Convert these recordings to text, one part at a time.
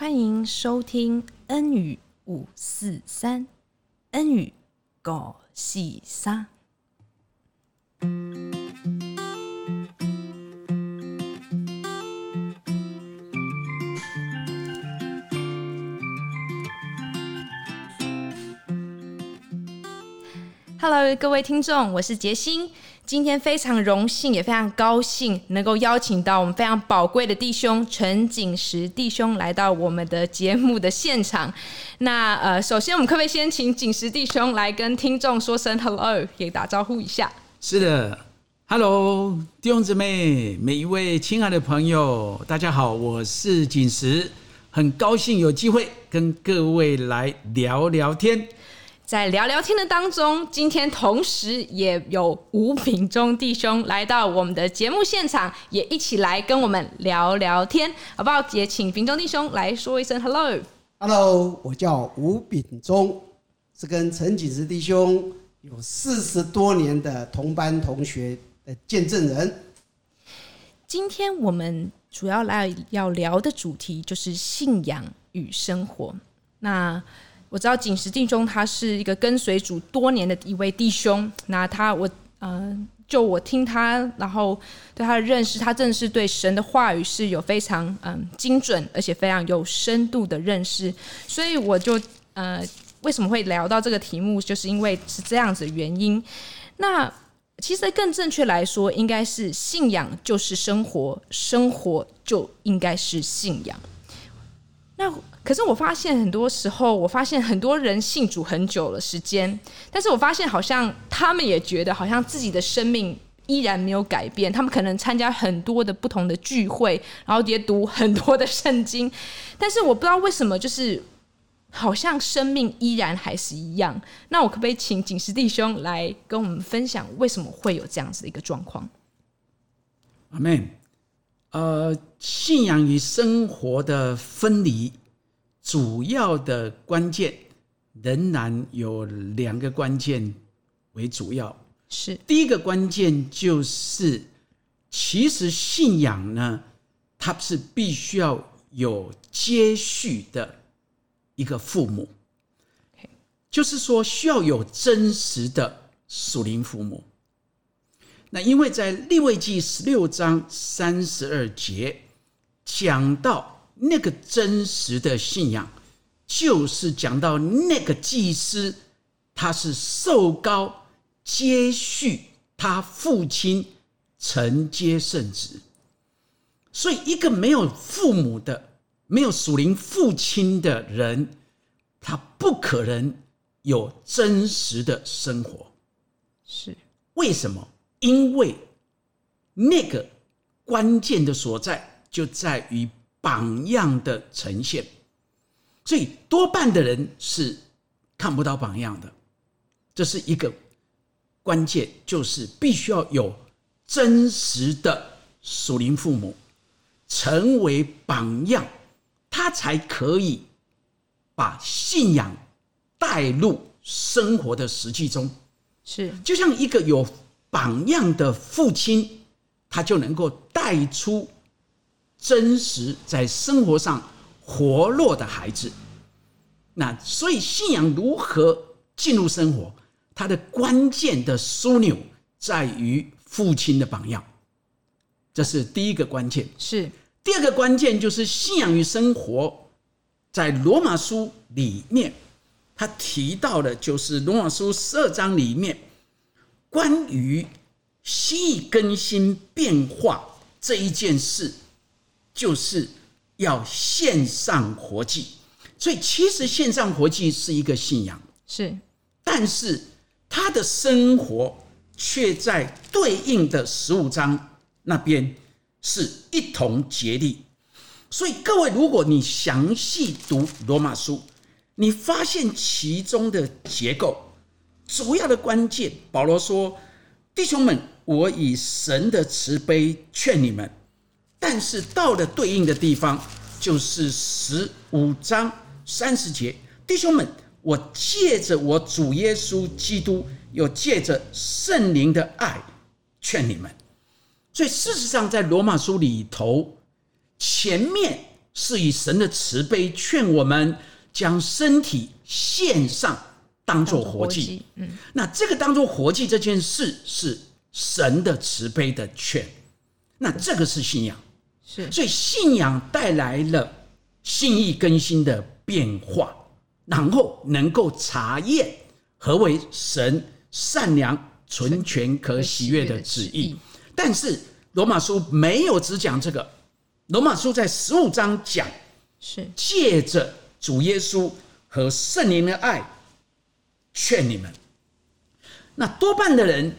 歡迎收聽恩語五四三,恩語《恩語五四三》，恩語狗戲沙。Hello，各位聽眾，我是杰星。今天非常榮幸，也非常高興能夠邀請到我們非常寶貴的弟兄陳錦時弟兄來到我們的節目的現場。那呃，首先我們可不可以先請錦時弟兄來跟聽眾說聲 hello，也打招呼一下？是的，是的，hello 弟兄姊妹，每一位親愛的朋友，大家好，我是錦時，很高興有機會跟各位來聊聊天。在聊聊天的當中，今天同時也有吳炳中弟兄來到我們的節目現場，也一起來跟我們聊聊天，好不好？也請炳中弟兄來說一聲 “hello”。Hello，我叫吳炳中，是跟陳錦時弟兄有四十多年的同班同學的見證人。今天我們主要來要聊的主題就是信仰與生活。那我知道錦時敬兄他是一個跟隨主多年的一位弟兄，那他我嗯、呃，就我聽他，然後對他的認識，他真的是對神的話語是有非常嗯、呃、精準，而且非常有深度的認識，所以我就呃，為什麼會聊到這個題目，就是因為是這樣子的原因。那其實更正確來說，應該是信仰就是生活，生活就應該是信仰。那。可是我發現很多時候，我發現很多人信主很久了時間，但是我發現好像他們也覺得好像自己的生命依然沒有改變。他們可能參加很多的不同的聚會，然後也讀很多的聖經，但是我不知道為什麼，就是好像生命依然還是一樣。那我可不可以請錦時弟兄來跟我們分享，為什麼會有這樣子的一個狀況？阿門。呃，信仰與生活的分離，主要的關鍵仍然有兩個關鍵為主要，是第一個關鍵就是，其實信仰呢，它是必須要有接續的一個父母，Okay. 就是說需要有真實的屬靈父母。那因為在利未記十六章三十二節講到。那個真實的信仰，就是講到那個祭司，他是受膏接續他父親承接聖職。所以一個沒有父母的、沒有屬靈父親的人，他不可能有真實的生活。是為什麼？因為那個關鍵的所在就在於。榜樣的呈現，所以多半的人是看不到榜樣的，這是一個關鍵，就是必須要有真實的屬靈父母成為榜樣，他才可以把信仰帶入生活的實際中。是，就像一個有榜樣的父親，他就能夠帶出。真實在生活上活絡的孩子。那所以信仰如何進入生活？它的關鍵的樞紐在於父親的榜樣，這是第一個關鍵。是，第二個關鍵就是信仰與生活。在羅馬書裡面，他提到的就是羅馬書十二章裡面關於心意更新變化這一件事。就是要獻上活祭，所以其實獻上活祭是一個信仰，是，但是他的生活卻在對應的十五章那邊是一同竭力，所以各位，如果你詳細讀羅馬書，你發現其中的結構，主要的關鍵，保羅說：“弟兄們，我以神的慈悲勸你們。”但是到了對應的地方，就是十五章三十節，弟兄們，我借着我主耶穌基督，又借着聖靈的愛勸你們。所以事實上，在羅馬書裡頭，前面是以神的慈悲勸我們，將身體獻上當做活，活祭。嗯，那這個當做活祭這件事是神的慈悲的勸，那這個是信仰。是所以信仰帶來了心意更新的變化，然後能夠察驗何為神善良、純全、可喜悅的旨意。旨意。但是羅馬書沒有只講這個，羅馬書在十五章講是借着主耶穌和聖靈的愛勸你們。那多半的人，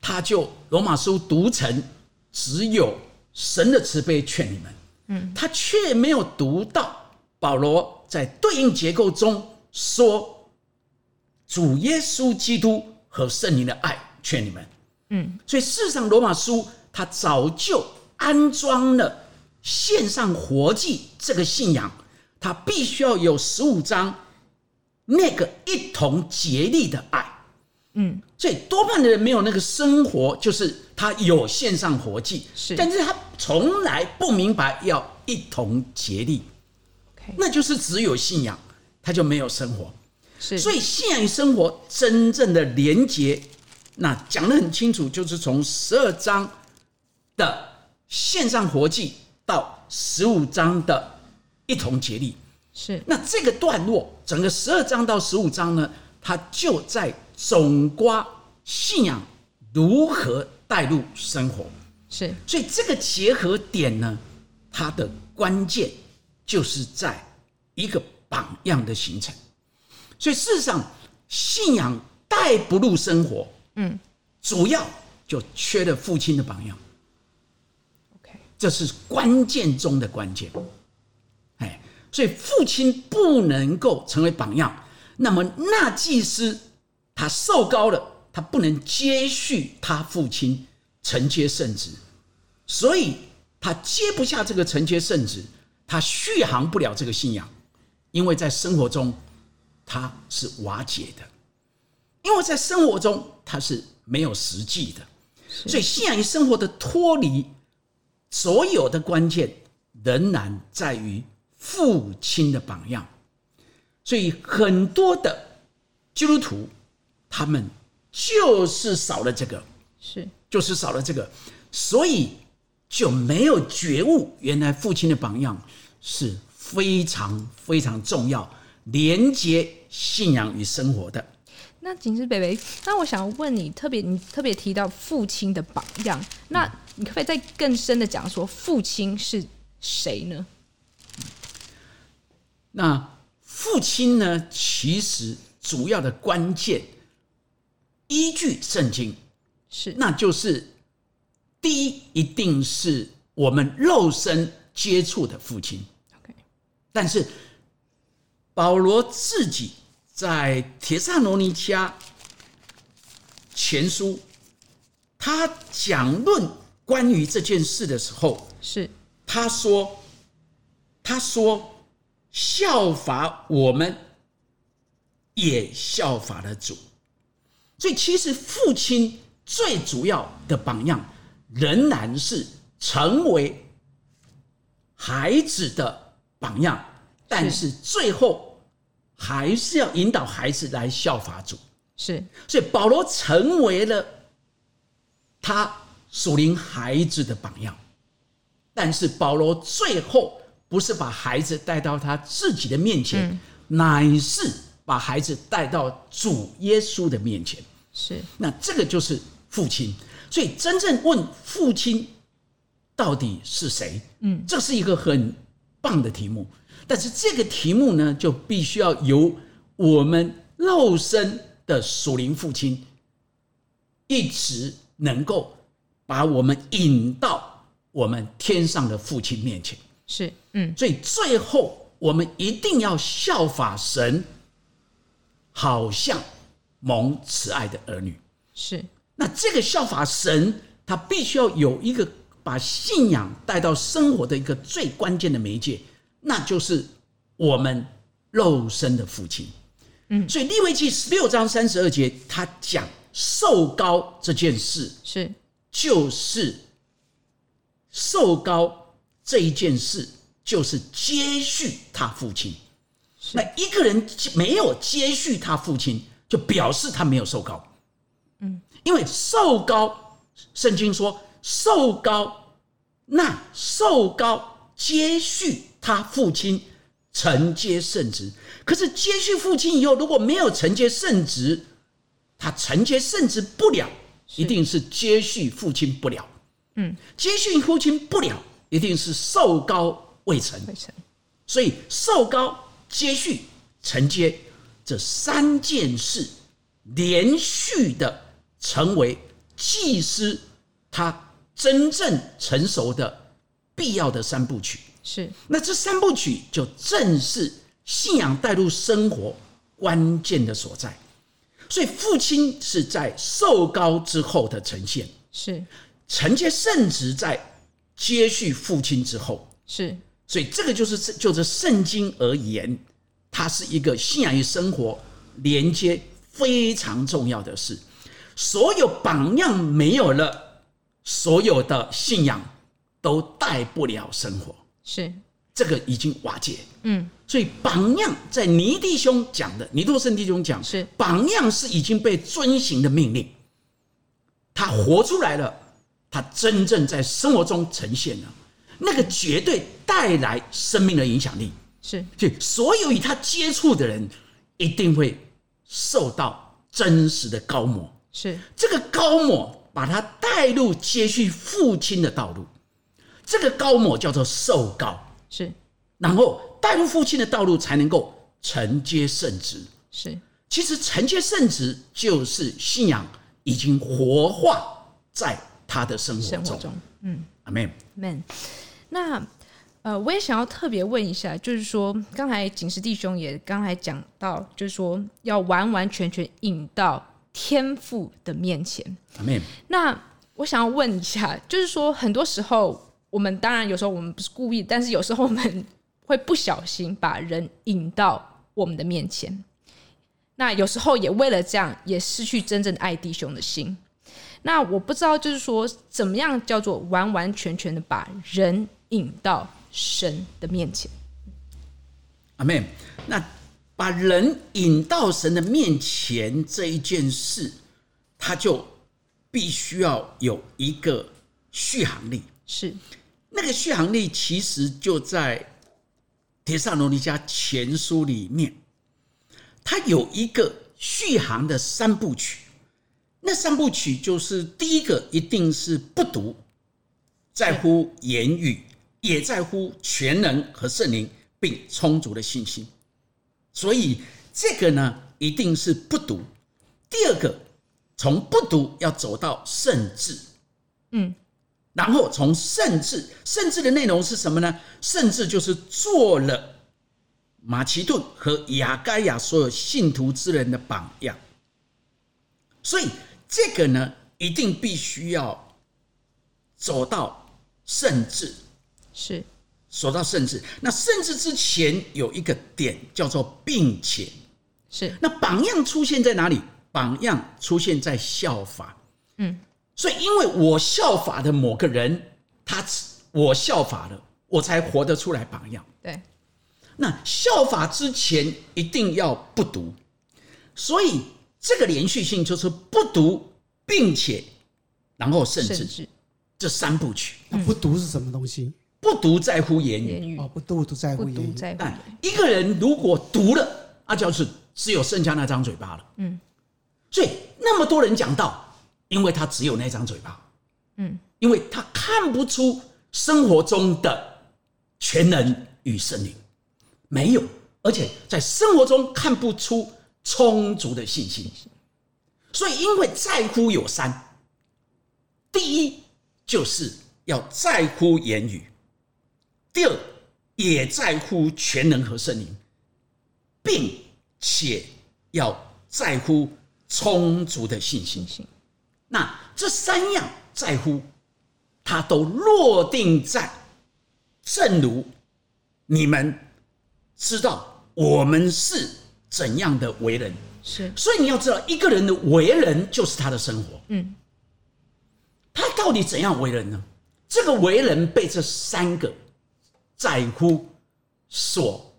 他就羅馬書讀成只有。神的慈悲勸你們，嗯，他卻沒有讀到保羅在對應結構中說，主耶穌基督和聖靈的愛勸你們，嗯，所以事實上羅馬書他早就安裝了線上活祭這個信仰，他必須要有十五章那個一同竭力的愛，嗯，所以多半的人沒有那個生活，就是他有線上活祭，是，但是他。從來不明白要一同竭力，Okay 那就是只有信仰，他就沒有生活。是所以信仰與生活真正的連接，那講得很清楚，就是從十二章的獻上活祭到十五章的一同竭力，是。那這個段落，整個十二章到十五章呢，它就在總括信仰如何帶入生活。是，所以這個結合點呢，它的關鍵就是在一個榜樣的形成。所以事實上，信仰帶不入生活，嗯，主要就缺了父親的榜樣。OK，這是關鍵中的關鍵。哎，所以父親不能夠成為榜樣，那麼那祭司他壽高了，他不能接續他父親。承接聖旨，所以他接不下這個承接聖旨，他續航不了這個信仰，因為在生活中他是瓦解的，因為在生活中他是沒有實際的，是所以信仰與生活的脫離，所有的關鍵仍然在於父親的榜樣，所以很多的基督徒他們就是少了這個是。就是少了這個，所以就沒有覺悟。原來父親的榜樣是非常非常重要，連接信仰與生活的。那錦時伯伯，那我想問你，特別你特別提到父親的榜樣，那你可不可以再更深的講說，父親是誰呢？嗯。那父親呢？其實主要的關鍵依據聖經。是，那就是第一，一定是我們肉身接觸的父親。OK，但是保羅自己在帖撒羅尼迦前書，他講論關於這件事的時候，是他說，他說效法我們，也效法了主，所以其實父親。最主要的榜樣仍然是成為孩子的榜樣，是，但是最後還是要引導孩子來效法主。是，所以保羅成為了他屬靈孩子的榜樣，但是保羅最後不是把孩子帶到他自己的面前，嗯，乃是把孩子帶到主耶穌的面前。是，那這個就是。父親，所以真正問父親到底是誰？嗯，這是一個很棒的題目。但是這個題目呢，就必須要由我們肉身的屬靈父親一直能夠把我們引到我們天上的父親面前。是，嗯，所以最後我們一定要效法神，好像蒙慈愛的兒女。是。那這個效法神，他必須要有一個把信仰帶到生活的一個最關鍵的媒介，那就是我們肉身的父親。嗯，所以利未記十六章三十二節，他講受膏這件事，是，就是受膏這一件事，就是接續他父親。是那一個人沒有接續他父親，就表示他沒有受膏。因為受膏，聖經說受膏，那受膏接續他父親承接聖職。可是接續父親以後，如果沒有承接聖職，他承接聖職不了，一定是接續父親不了。嗯，接續父親不了，一定是受膏未成。未成，所以受膏接續承接這三件事連續的。成為祭司，他真正成熟的必要的三部曲是。那這三部曲就正是信仰帶入生活關鍵的所在。所以父親是在受膏之後的呈現是承接聖職，在接續父親之後是。所以這個就是就著聖經而言，它是一個信仰與生活連接非常重要的事。所有榜樣沒有了，所有的信仰都帶不了生活，是這個已經瓦解。嗯，所以榜樣在倪弟兄講的，倪柝聲弟兄講是榜樣是已經被遵行的命令，他活出來了，他真正在生活中呈現了，那個絕對帶來生命的影響力，是，所以所有與他接觸的人一定會受到真實的高魔。是這個膏抹把他帶入接續父親的道路，這個膏抹叫做受膏，是然後帶入父親的道路才能夠承接聖職，是其實承接聖職就是信仰已經活化在他的生活中，生活中嗯。Amen，Amen 那呃，我也想要特別問一下，就是說剛才錦時弟兄也剛才講到，就是說要完完全全引到。天父的面前，Amen. 那我想要問一下，就是說，很多時候我們當然有時候我們不是故意，但是有時候我們會不小心把人引到我們的面前。那有時候也為了這樣，也失去真正的愛弟兄的心。那我不知道，就是說，怎麼樣叫做完完全全的把人引到神的面前？阿門。那。把人引到神的面前這一件事，他就必須要有一個續航力。是那個續航力，其實就在《帖撒羅尼迦前書》裡面，它有一個續航的三部曲。那三部曲就是第一個，一定是不獨，在乎言語，也在乎全能和聖靈，並充足的信心。所以這個呢，一定是不讀。第二個，從不讀要走到甚至，嗯，然後從甚至，甚至的內容是什麼呢？甚至就是做了馬其頓和亞該亞所有信徒之人的榜樣。所以這個呢，一定必須要走到甚至，是。說到甚至，那甚至之前有一個點叫做並且，是，那榜樣出現在哪裡？榜樣出現在效法，嗯，所以因為我效法的某個人，他我效法了，我才活得出來榜樣。對，那效法之前一定要不讀，所以這個連續性就是不讀，並且然後甚至，甚至這三部曲，嗯，那不讀是什麼東西？不獨在乎言語哦，不獨在乎言語。但一個人如果獨了，那就是只有剩下那張嘴巴了。嗯，所以那麼多人講道，因為他只有那張嘴巴，嗯，因為他看不出生活中的全能與聖靈，沒有，而且在生活中看不出充足的信心。所以因為在乎有三，第一就是要在乎言語。第二，也在乎全能和聖靈，並且要在乎充足的信心。那這三樣在乎，他都落定在，正如你們知道，我們是怎樣的為人，是。所以你要知道，一個人的為人就是他的生活。嗯，他到底怎樣為人呢？這個為人被這三個。在乎，所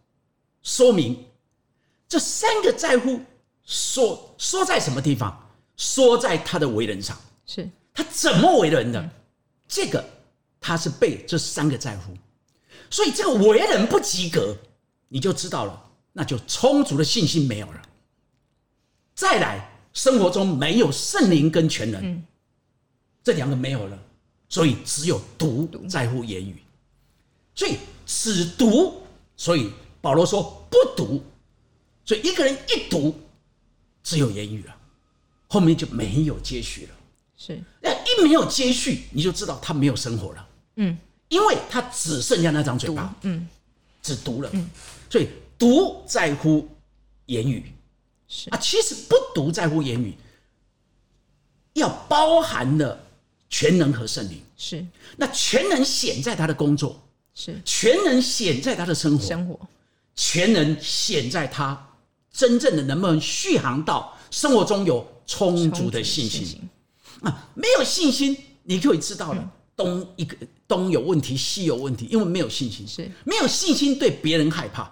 說明，這三個在乎說說在什麼地方？說在他的為人上，是他怎麼為人的？嗯、這個他是被這三個在乎，所以這個為人不及格，你就知道了，那就充足的信心沒有了。再來，生活中沒有聖靈跟全能，嗯、這兩個沒有了，所以只有獨在乎言語。所以只讀，所以保羅說不讀，所以一個人一讀，只有言語了，後面就沒有接續了。是，那一沒有接續，你就知道他沒有生活了。嗯，因為他只剩下那張嘴巴。嗯，只讀了。嗯，所以讀在乎言語，是啊，其實不讀在乎言語，要包含了全能和聖靈。是，那全能顯在他的工作。是，全人顯在他的生活，生活全人顯在他真正的能不能續航到生活中有充足的信心，信心啊！沒有信心，你就會知道了，嗯，東一個，東有問題，西有問題，因為沒有信心，是，沒有信心對別人害怕，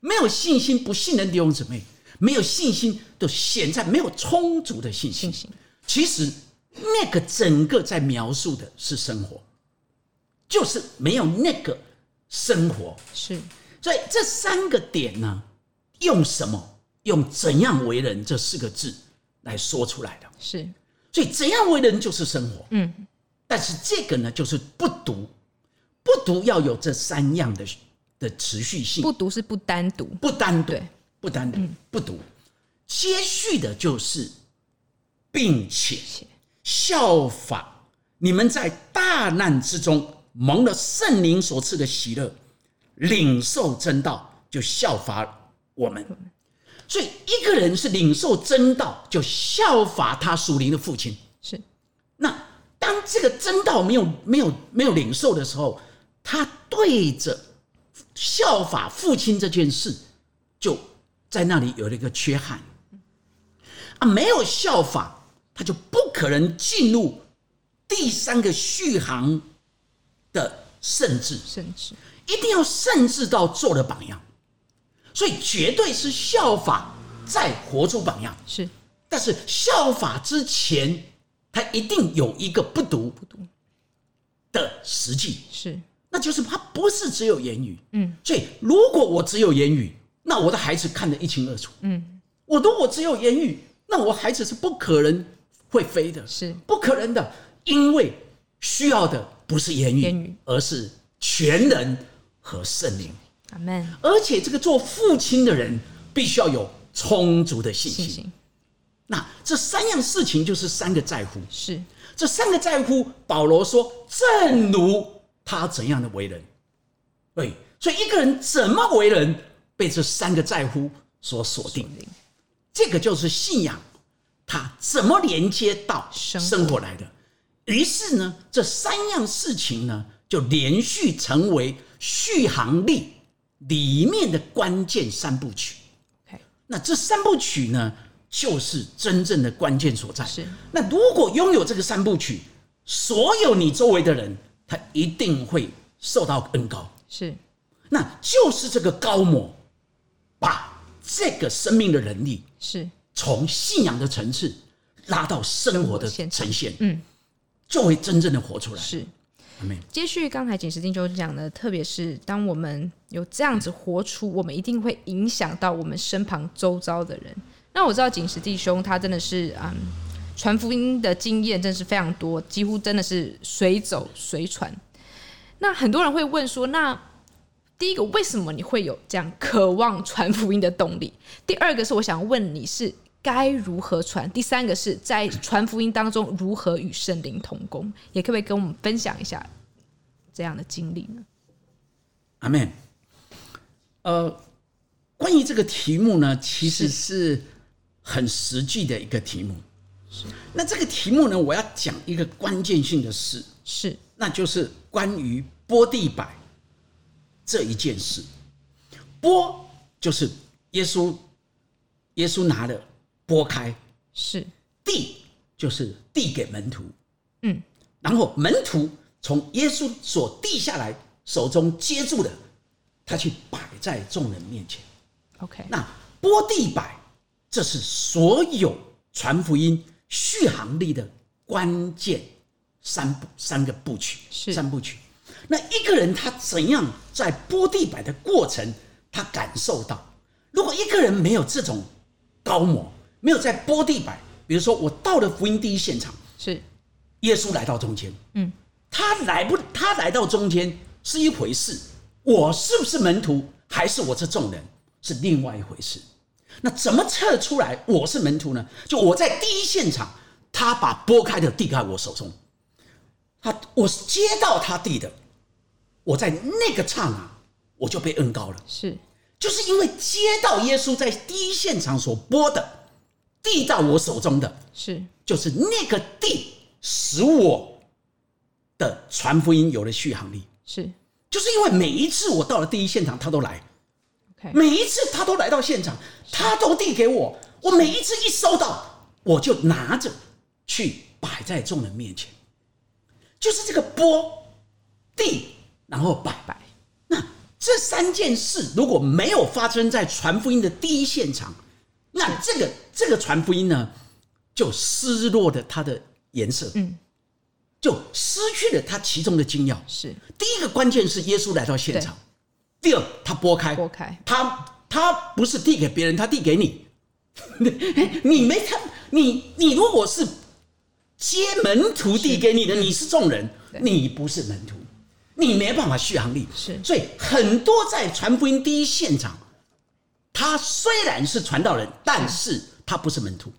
沒有信心不信任弟兄姊妹，沒有信心都顯在沒有充足的信心。信心，其實那個整個在描述的是生活。就是沒有那個生活，是，所以這三個點呢，用什麼？用“怎樣為人”這四個字來說出來的，是。所以“怎樣為人”就是生活，嗯。但是這個呢，就是不獨，不獨要有這三樣的的持續性，不獨是不單獨對，不單獨，嗯、不單獨，不獨，接續的，就是並且效法你們在大難之中。蒙了聖靈所賜的喜樂，領受真道就效法我們。所以一個人是領受真道就效法他屬靈的父親。是，那當這個真道沒有沒有沒有領受的時候，他對着效法父親這件事，就在那裡有了一個缺憾。啊，沒有效法，他就不可能進入第三個續航。的甚至甚至一定要甚至到做的榜樣，所以絕對是效法在活出榜樣是，但是效法之前，他一定有一個不讀不讀的實際是，那就是他不是只有言語，嗯，所以如果我只有言語，那我的孩子看得一清二楚，嗯，我如果只有言語，那我孩子是不可能會飛的，是不可能的，因為需要的。不是言語，言語而是全能和聖靈。阿門 Amen。而且，這個做父親的人必須要有充足的信心。信心，那這三樣事情就是三個在乎。是，這三個在乎，保羅說，正如他怎樣的為人。對，所以一個人怎麼為人，被這三個在乎所鎖定。定這個就是信仰，他怎麼連接到生活來的。於是呢，這三樣事情呢，就連續成為續航力裡面的關鍵三部曲。Okay. 那這三部曲呢，就是真正的關鍵所在。是，那如果擁有這個三部曲，所有你周圍的人，他一定會受到恩膏。是，那就是這個膏抹把這個生命的能力，是從信仰的層次拉到生活的呈現。現嗯。就會真正的活出來。是，接續剛才錦時弟兄講的特，特別是當我們有這樣子活出，我們一定會影響到我們身旁周遭的人。那我知道錦時弟兄他真的是，嗯，傳福音的經驗真是非常多，幾乎真的是隨走隨傳。那很多人會問說，那第一個為什麼你會有這樣渴望傳福音的動力？第二個是我想問你是。該如何傳？第三個是在傳福音當中如何與聖靈同工，也可不可以跟我們分享一下這樣的經歷呢？阿門。呃，關於這個題目呢，其實是很實際的一個題目。是那這個題目呢，我要講一個關鍵性的事，是，那就是關於波地板這一件事。波就是耶穌，耶穌拿的。撥開是遞，就是遞給門徒，嗯，然後門徒從耶穌所遞下來手中接住的，他去擺在眾人面前。OK，那撥地擺，這是所有傳福音續航力的關鍵三步，三個部曲是三部曲。那一個人他怎樣在撥地擺的過程，他感受到，如果一個人沒有這種高模。嗯沒有在撥地板，比如說我到了福音第一現場，是，耶穌來到中間，嗯，他來不，他來到中間是一回事，我是不是門徒，還是我這眾人是另外一回事？那怎麼測出來我是門徒呢？就我在第一現場，他把撥開的遞在我手中，他我是接到他遞的，我在那個剎那、啊、我就被恩膏了，是，就是因為接到耶穌在第一現場所撥的。遞到我手中的是，就是那個遞，使我的傳福音有了續航力。是，就是因為每一次我到了第一現場，他都來，Okay. 每一次他都來到現場，他都遞給我，是我每一次一收到，我就拿着去擺在眾人面前，就是這個波，遞，然後擺擺。那這三件事如果沒有發生在傳福音的第一現場，那這個這個傳福音呢，就失落了它的顏色，嗯，就失去了它其中的精要。是，第一個關鍵是耶穌來到現場，第二他撥開撥開，他他不是遞給別人，他遞給你，你沒看，你你如果是接門徒遞給你的，你是眾人，你不是門徒，你沒辦法續航力。是，所以很多在傳福音第一現場。他雖然是傳道人，但是他不是門徒。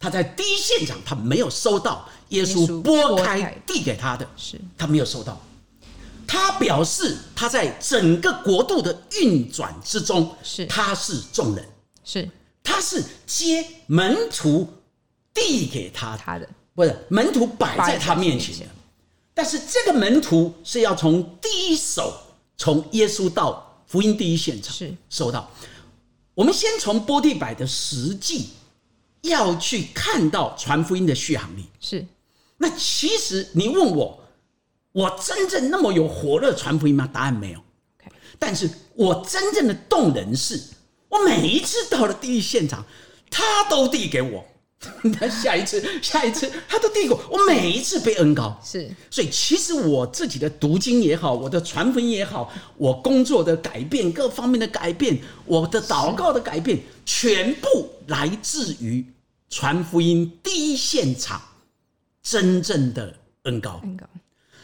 他在第一現場，他沒有收到耶穌撥開遞給他的，是，他沒有收到。他表示他在整個國度的運轉之中，是，他是眾人，是，他是接門徒遞給他他的，不是門徒擺在他面前的。但是這個門徒是要從第一手，從耶穌到福音第一現場是收到。我們先從波地百的實際要去看到傳福音的續航力是。那其實你問我，我真正那麼有火熱傳福音嗎？答案沒有。Okay. 但是，我真正的動人是，我每一次到了第一現場，他都遞給我。他 下一次，下一次，他都低估我每一次被恩膏是。所以其實我自己的讀經也好，我的傳福音也好，我工作的改變，各方面的改變，我的禱告的改變，是全部來自於傳福音第一現場真正的恩膏。恩膏，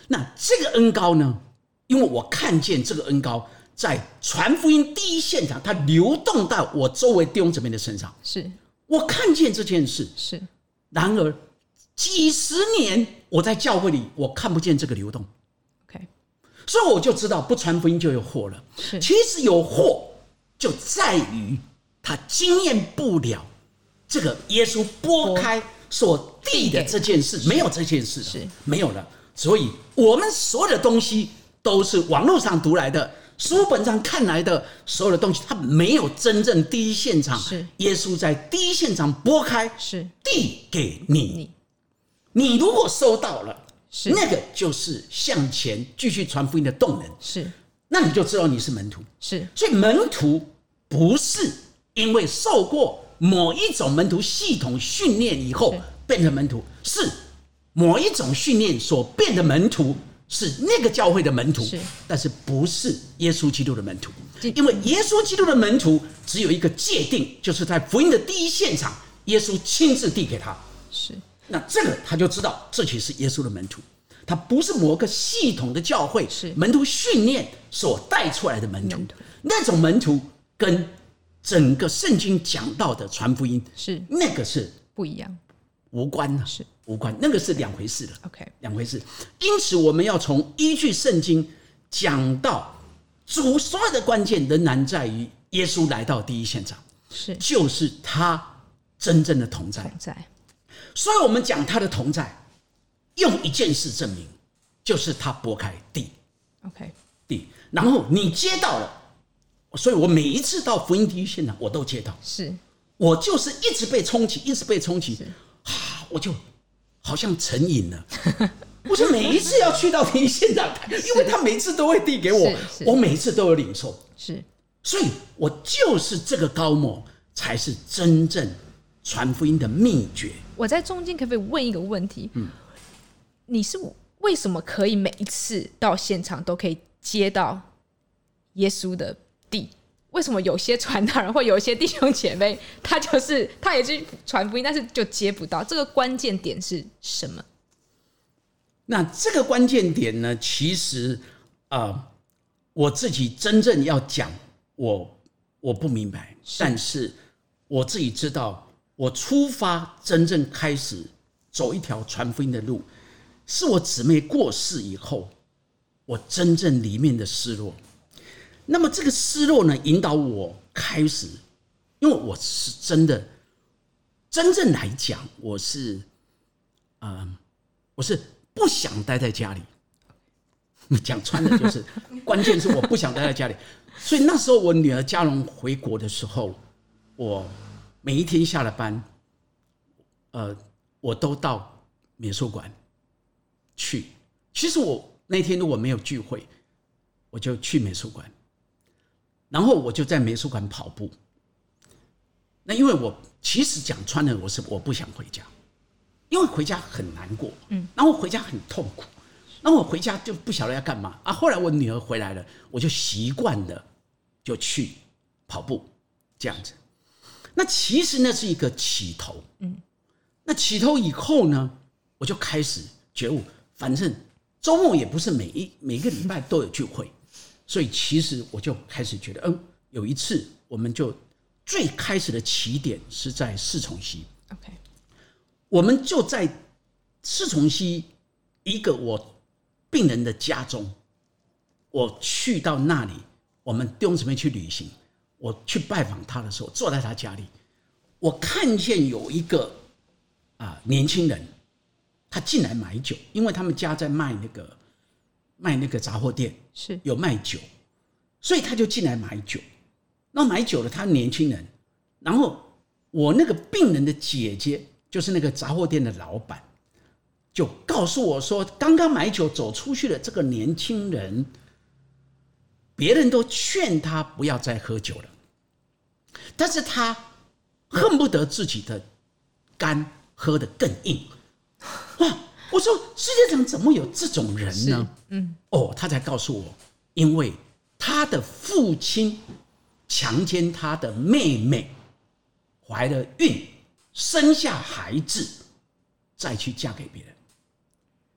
那這個恩膏呢，因為我看見這個恩膏在傳福音第一現場，它流動到我周圍弟兄姊妹的身上是。我看見這件事是，然而幾十年我在教會裡，我看不見這個流動，OK，所以我就知道不傳福音就有禍了。是其實有禍就在於他經驗不了這個耶穌撥開所遞的這件事，沒有這件事的是沒有了。所以我們所有的東西都是網絡上讀來的。書本上看來的所有的東西，他沒有真正第一現場。是耶穌在第一現場撥開，是遞給你。你如果收到了，是那個就是向前繼續傳福音的動能。是那你就知道你是門徒。是所以門徒不是因為受過某一種門徒系統訓練以後變成門徒，是某一種訓練所變的門徒。是那個教會的門徒，是但是不是耶穌基督的門徒？這因為耶穌基督的門徒只有一個界定，就是在福音的第一現場，耶穌親自遞給他。是那這個他就知道自己是耶穌的門徒，他不是某個系統的教會，是門徒訓練所帶出來的門徒。門徒那種門徒跟整個聖經講到的傳福音，是那個是不一樣。無關的、啊、是無關，那個是兩回事了 OK，兩回事。因此，我們要從依據聖經講到主，所有的關鍵仍然在於耶穌來到第一現場，是就是他真正的同在。同在，所以我們講他的同在，用一件事證明，就是他撥開地。OK，地，然後你接到了，所以我每一次到福音第一現場，我都接到，是我就是一直被衝擊，一直被衝擊。我就好像成癮了， 我是每一次要去到聽現場， 是因為他每次都會遞給我，我每一次都有領受，是，是，所以我就是這個高某才是真正傳福音的秘訣。我在中間可不可以問一個問題？嗯，你是為什麼可以每一次到現場都可以接到耶穌的地？為什麼有些傳道人或有些弟兄姐妹，他就是他也是傳福音，但是就接不到？這個關鍵點是什麼？那這個關鍵點呢？其實啊、呃，我自己真正要講，我我不明白。是但是我自己知道，我出發真正開始走一條傳福音的路，是我姊妹過世以後，我真正裡面的失落。那麼這個失落呢，引導我開始，因為我是真的，真正來講，我是，嗯、呃，我是不想待在家裡。講穿了就是， 關鍵是我不想待在家裡。所以那時候我女兒嘉榮回國的時候，我每一天下了班，呃，我都到美術館去。其實我那天如果沒有聚會，我就去美術館。然後我就在美術館跑步。那因為我其實講穿了，我是我不想回家，因為回家很難過，嗯，然後回家很痛苦，那我回家就不曉得要幹嘛啊。後來我女兒回來了，我就習慣了，就去跑步這樣子。那其實那是一個起頭，嗯，那起頭以後呢，我就開始覺悟，反正周末也不是每一每一個禮拜都有聚會。嗯嗯所以其實我就開始覺得，嗯，有一次我們就最開始的起點是在四重溪，OK，我們就在四重溪一個我病人的家中，我去到那裡，我們弟兄姊妹去旅行，我去拜訪他的時候，坐在他家裡，我看見有一個啊、呃、年輕人，他進來買酒，因為他們家在賣那個。賣那個雜貨店是有賣酒，所以他就進來買酒。那買酒了，他年輕人。然後我那個病人的姐姐，就是那個雜貨店的老闆，就告訴我說，剛剛買酒走出去的這個年輕人，別人都勸他不要再喝酒了，但是他恨不得自己的肝喝得更硬。哦。我說：世界上怎麼有這種人呢？嗯，哦，他才告訴我，因為他的父親強姦他的妹妹，懷了孕，生下孩子，再去嫁給別人。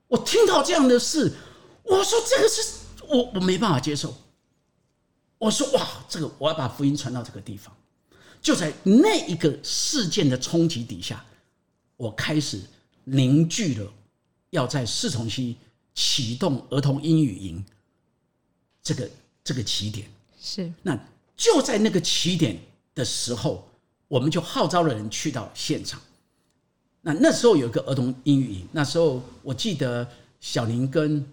我聽到這樣的事，我說這個事，我我沒辦法接受。我說哇，這個我要把福音傳到這個地方。就在那一個事件的衝擊底下，我開始凝聚了。要在四重溪啟動兒童英語營，這個這個起點。是。那就在那個起點的時候，我們就號召了人去到現場。那那時候有一個兒童英語營，那時候我記得小林跟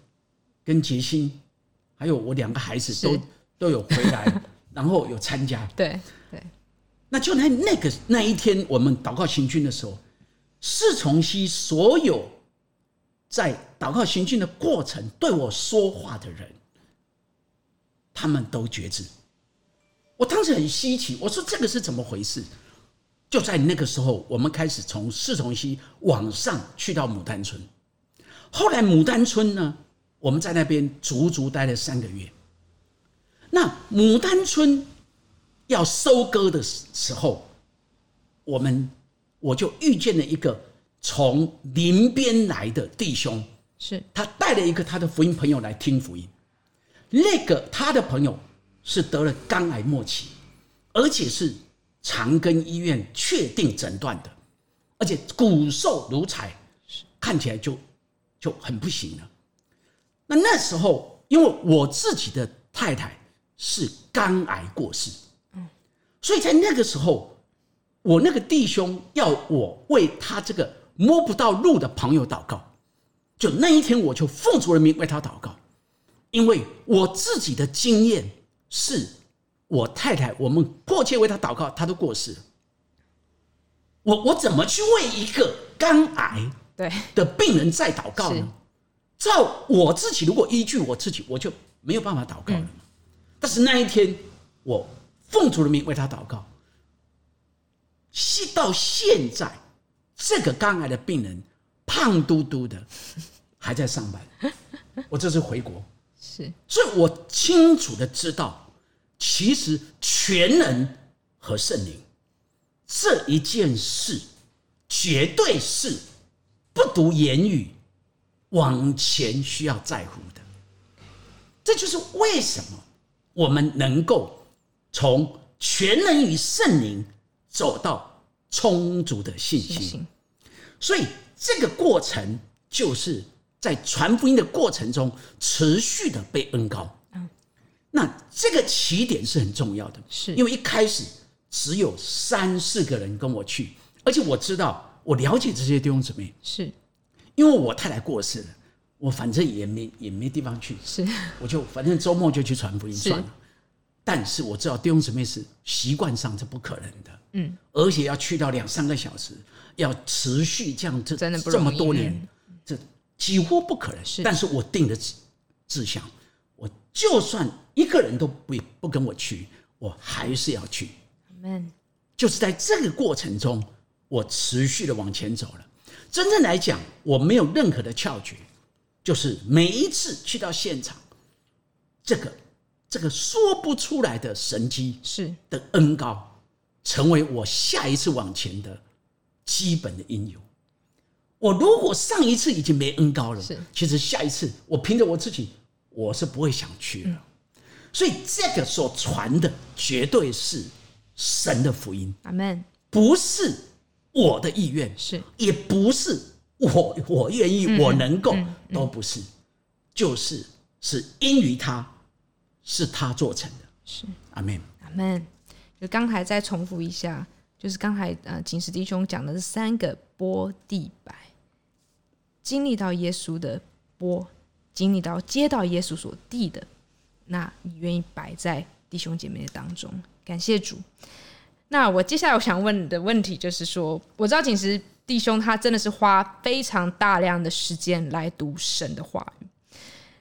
跟傑星，還有我兩個孩子都是都有回來， 然後有參加。對對，對那就在那個那一天，我們禱告行軍的時候，四重溪所有。在禱告行進的過程，對我說話的人，他們都覺知。我當時很稀奇，我說這個是怎麼回事？就在那個時候，我們開始從四重溪往上去到牡丹村。後來牡丹村呢，我們在那邊足足待了三個月。那牡丹村要收割的時候，我們我就遇見了一個。從林邊來的弟兄，是他帶了一個他的福音朋友來聽福音。那個他的朋友是得了肝癌末期，而且是長庚醫院確定診斷的，而且骨瘦如柴，是看起來就就很不行了。那那時候，因為我自己的太太是肝癌過世，嗯，所以在那個時候，我那個弟兄要我為他這個。摸不到路的朋友禱告，就那一天我就奉主的名為他禱告，因為我自己的經驗是，我太太我們迫切為他禱告，他都過世了。我我怎麼去為一個肝癌對的病人再禱告呢？照我自己，如果依據我自己，我就沒有辦法禱告了。嗯、但是那一天我奉主的名為他禱告，直到現在。這個肝癌的病人，胖嘟嘟的，還在上班。我這次回國，是，所以我清楚的知道，其實全能和聖靈這一件事，絕對是不讀言語往前需要在乎的。這就是為什麼我們能夠從全能與聖靈走到。充足的信心，所以這個過程就是在傳福音的過程中持續的被恩膏。嗯，那這個起點是很重要的，是因為一開始只有三四個人跟我去，而且我知道我了解這些弟兄姊妹，是因為我太太過世了，我反正也沒也沒地方去，是我就反正周末就去傳福音是算了。但是我知道弟兄姊妹是習慣上是不可能的。嗯，而且要去到兩三個小時，要持續這樣這這麼多年，這幾乎不可能。是，但是我定的志志向，我就算一個人都不不跟我去，我還是要去。是，就是在這個過程中，我持續的往前走了。真正來講，我沒有任何的竅訣，就是每一次去到現場，這個這個說不出來的神蹟，是的恩膏，成為我下一次往前的基本的因由。我如果上一次已經沒恩膏了，是其實下一次我憑着我自己，我是不會想去了。嗯、所以這個所傳的絕對是神的福音。阿門、啊、不是我的意願，是，也不是我我願意，嗯、我能夠，嗯嗯嗯、都不是，就是是因於他，是他做成的。是。阿門、啊。阿門就剛才再重複一下，就是剛才呃，錦時弟兄講的是三個播、遞、擺，經歷到耶穌的播，經歷到接到耶穌所遞的，那你願意擺在弟兄姐妹的當中。感謝主。那我接下來我想問你的問題就是說，我知道錦時弟兄他真的是花非常大量的時間來讀神的話語，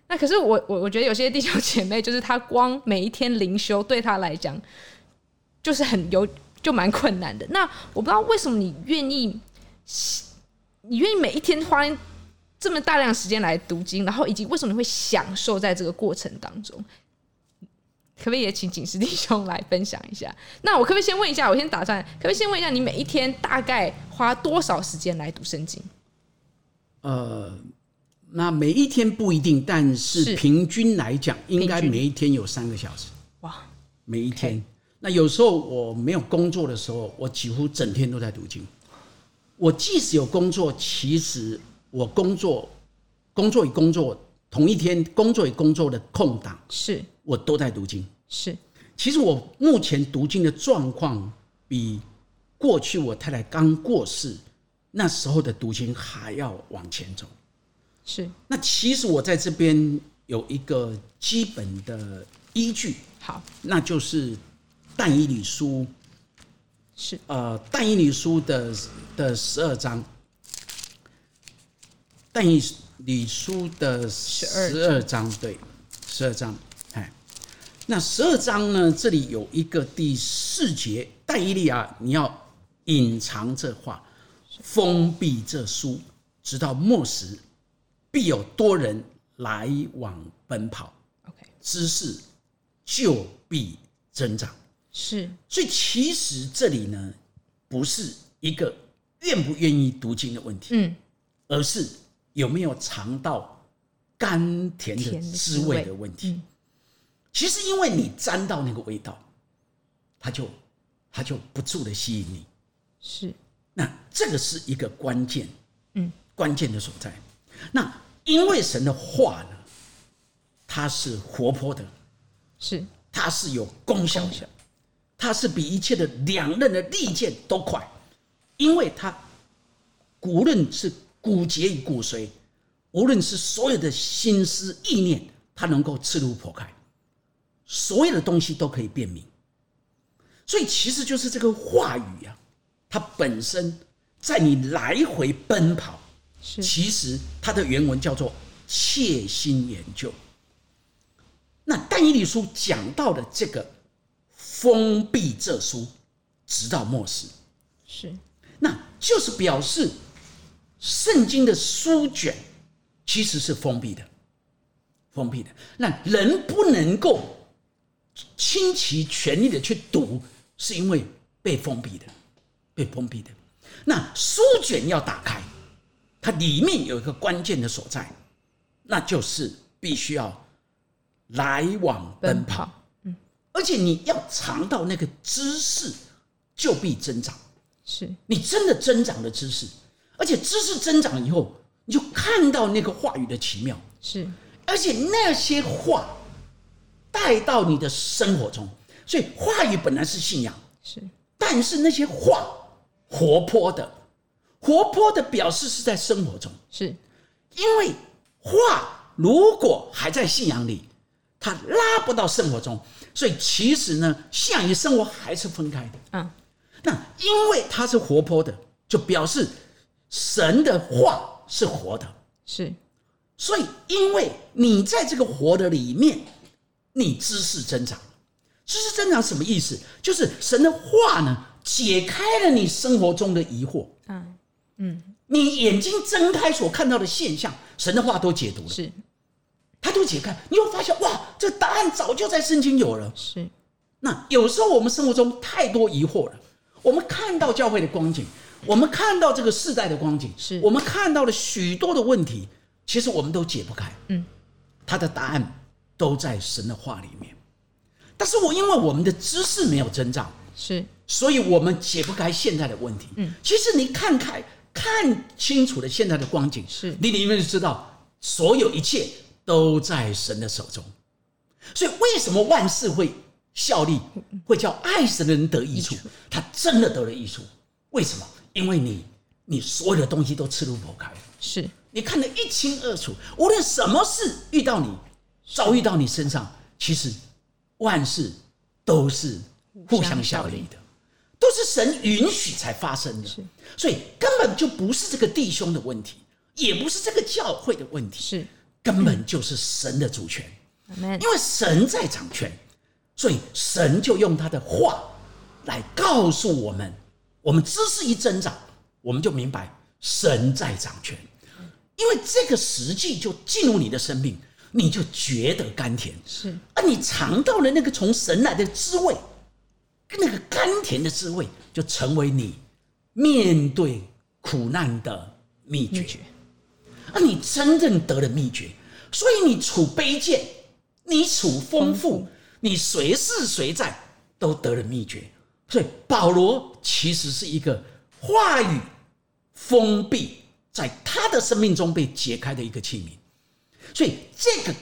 那可是我我我覺得有些弟兄姐妹就是他光每一天靈修對他來講。就是很有就蠻困難的。那我不知道為什麼你願意，你願意每一天花這麼大量的時間來讀經，然後以及為什麼你會享受在這個過程當中？可不可以也請錦時弟兄來分享一下？那我可不可以先問一下？我先打算可不可以先問一下你每一天大概花多少時間來讀聖經？呃，那每一天不一定，但是平均來講，應該每一天有三個小時。哇，每一天。Okay. 那有時候我沒有工作的時候，我幾乎整天都在讀經。我即使有工作，其實我工作、工作與工作同一天、工作與工作的空檔，是，我都在讀經。是，其實我目前讀經的狀況，比過去我太太剛過世那時候的讀經還要往前走。是，那其實我在這邊有一個基本的依據，好，那就是。《但以理書》是呃，《但以理書》的的十二章，《但以理書》的十二章，對，十二章。哎，那十二章呢？這裡有一個第四節，《但以理》啊，你要隱藏這話，是封閉這書，直到末時，必有多人來往奔跑，Okay. 知識就必增長。是，所以其實這裡呢，不是一個願不願意讀經的問題，嗯，而是有沒有嘗到甘甜的滋味的問題。嗯，其實因為你沾到那個味道，它就它就不住的吸引你。是，那這個是一個關鍵，嗯，關鍵的所在。那因為神的話呢，它是活潑的，是，它是有功效的。它是比一切的兩刃的利劍都快，因為它無論是骨節與骨髓，無論是所有的心思意念，它能夠刺入剖開，所有的東西都可以辨明。所以其實就是這個話語呀、啊，它本身在你來回奔跑，是其實它的原文叫做“謝心研究”。那《但以理書》講到的這個。封閉這書，直到末世，是，那就是表示聖經的書卷其實是封閉的，封閉的。那人不能夠傾其全力的去讀，是因為被封閉的，被封閉的。那書卷要打開，它裡面有一個關鍵的所在，那就是必須要來往奔跑。奔跑而且你要嘗到那個知識，就必增長。是，你真的增長了知識，而且知識增長以後，你就看到那個話語的奇妙。是，而且那些話帶到你的生活中，所以話語本來是信仰。是，但是那些話活潑的、活潑的表示是在生活中。是，因為話如果還在信仰裡，它拉不到生活中。所以其實呢，信仰與生活還是分開的。嗯、啊，那因為它是活潑的，就表示神的話是活的。是，所以因為你在這個活的裡面，你知識增長。知識增長什麼意思？就是神的話呢，解開了你生活中的疑惑。嗯、啊、嗯，你眼睛睜開所看到的現象，神的話都解讀了。是。他都解開，你又發現，哇，這答案早就在聖經有了。是，那有時候我們生活中太多疑惑了，我們看到教會的光景，我們看到這個世代的光景，是我們看到了許多的問題，其實我們都解不開。嗯，他的答案都在神的話裡面，但是我因為我們的知識沒有增長，是，所以我們解不開現在的問題。嗯，其實你看看，看清楚了現在的光景，是你裡面就知道所有一切，都在神的手中，所以為什麼萬事會效力，會叫愛神的人得益處？他真的得了益處。為什麼？因為你，你所有的東西都赤露敞開，是你看得一清二楚。無論什麼事遇到你，遭遇到你身上，是其實萬事都是互相效力的，力都是神允許才發生的。嗯、所以根本就不是這個弟兄的問題，也不是這個教會的問題。是。根本就是神的主權，Amen. 因為神在掌權，所以神就用他的話來告訴我們，我們知識一增長，我們就明白神在掌權。因為這個實際就進入你的生命，你就覺得甘甜，是啊，而你嘗到了那個從神來的滋味，跟那個甘甜的滋味就成為你面對苦難的秘訣。秘訣，而你真正得了秘訣。所以你處卑賤，你處豐富，你隨事隨在都得了秘訣。所以保羅其實是一個話語封閉在他的生命中被解開的一個器皿，所以這個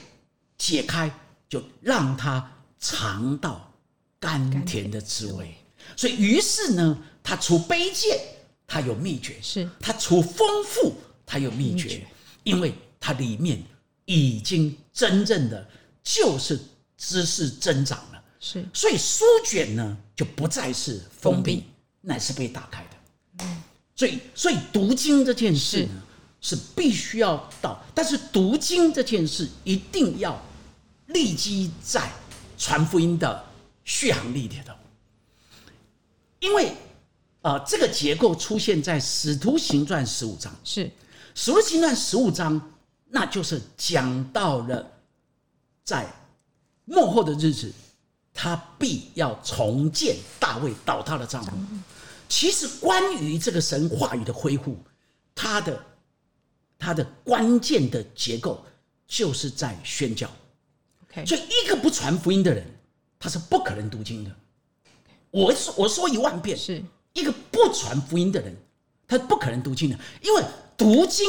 解開就讓他嘗到甘甜的滋味。所以於是呢，他處卑賤，他有秘訣；是他處豐富，他有秘訣，因為他裡面。已經真正的就是知識增長了，是，所以書卷呢就不再是封閉，平乃是被打開的。嗯，所以所以讀經這件事呢，是，是必須要到，但是讀經這件事一定要立即在傳福音的續航力裡頭，因為啊，呃，這個結構出現在使徒行傳十五章，是使徒行傳十五章。那就是講到了在幕後的日子，他必要重建大衛倒塌的帳篷。其實，關於這個神話語的恢復，他的他的關鍵的結構就是在宣教。所以 Okay. 一個不傳福音的人，他是不可能讀經的。Okay. 我說我說一萬遍，是一個不傳福音的人，他不可能讀經的，因為讀經。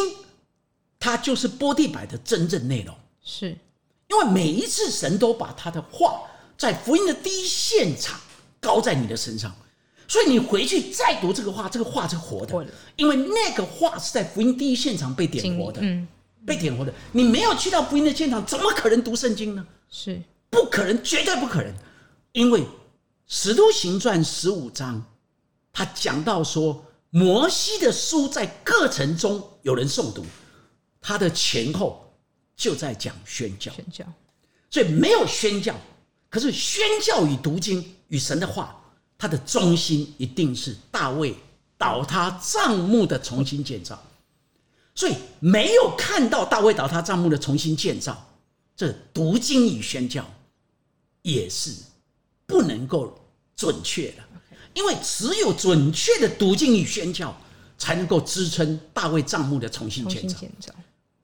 它就是波地百的真正內容，是，因為每一次神都把他的話在福音的第一現場高在你的身上，所以你回去再讀這個話，這個話是活的，了因為那個話是在福音第一現場被點活的，嗯、被點活的。你沒有去到福音的現場，怎麼可能讀聖經呢？是，不可能，絕對不可能，因為《使徒行傳》十五章，他講到說，摩西的書在各城中有人誦讀。他的前後就在講宣教，宣教，所以沒有宣教，可是宣教與讀經與神的話，它的中心一定是大衛倒塌帳幕的重新建造，所以沒有看到大衛倒塌帳幕的重新建造，這讀經與宣教也是不能夠準確的，因為只有準確的讀經與宣教，才能夠支撐大衛帳幕的重新建造。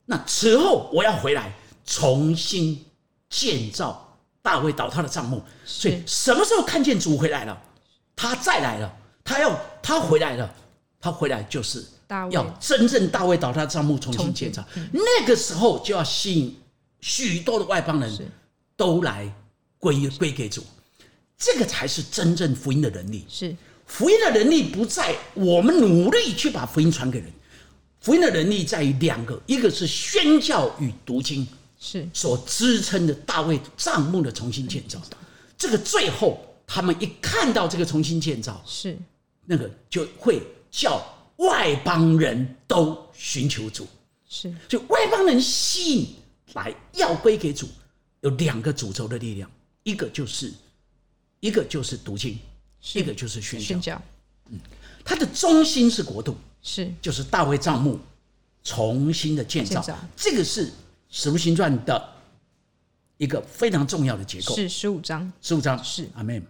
那此後我要回來重新建造大衛倒塌的帳幕。所以什麼時候看見主回來了，他再來了，他要他回來了，他回來就是要真正大衛倒塌的帳幕重新建造，那個時候就要吸引許多的外邦人都來歸歸給主，這個才是真正福音的能力。是福音的能力不在我們努力去把福音傳給人。福音的能力在於兩個，一個是宣教與讀經，是所支撐的大衛帳幕的重新建造。是這個最後，他們一看到這個重新建造，是那個就會叫外邦人都尋求主，是，所以外邦人吸引來要歸給主，有兩個主軸的力量，一個就是，一個就是讀經，是一個就是宣教，宣教，嗯，它的中心是國度。是，就是大衛帳幕重新的建造，你這個是《使徒行傳》的一個非常重要的結構。是十五章，十五章是 Amen。啊、妹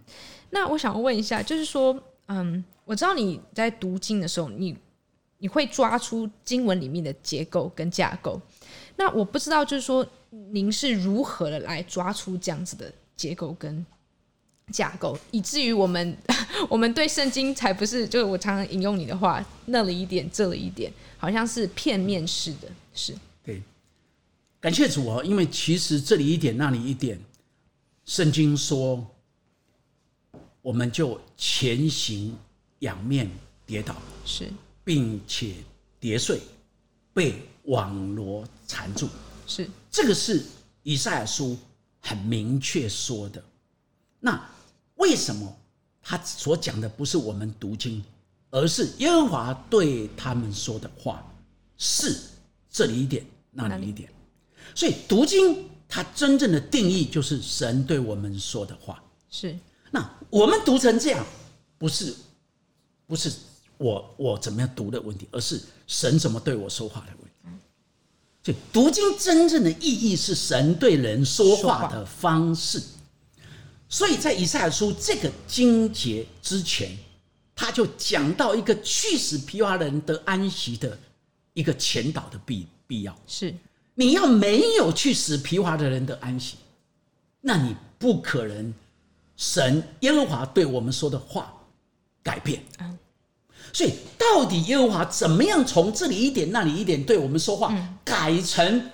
那我想問一下，就是說，嗯，我知道你在讀經的時候，你你會抓出經文裡面的結構跟架構。那我不知道，就是說，您是如何的來抓出這樣子的結構跟？架構，以至於我們我們對聖經才不是，就我常常引用你的話，那裡一點，這裡一點，好像是片面式的，是對。感謝主啊、哦，因為其實這裡一點，那裡一點，聖經說，我們就前行，仰面跌倒，是，並且跌碎，被網羅纏住，是這個是以賽亞書很明確說的，那。為什麼他所講的不是我們讀經，而是耶和華對他們說的話？是這裡一點，那裡一點。哪裡？所以讀經，它真正的定義就是神對我們說的話。是。那我們讀成這樣，不是不是我我怎麼樣讀的問題，而是神怎麼對我說話的問題。所以讀經真正的意義是神對人說話的方式。所以在以賽亞書這個經節之前，他就講到一個去使疲乏的人得安息的一個前導的必必要。是，你要沒有去使疲乏的人得安息，那你不可能神耶和華對我們說的話改變。嗯、所以，到底耶和華怎麼樣從這裡一點，那裡一點對我們說話，嗯、改成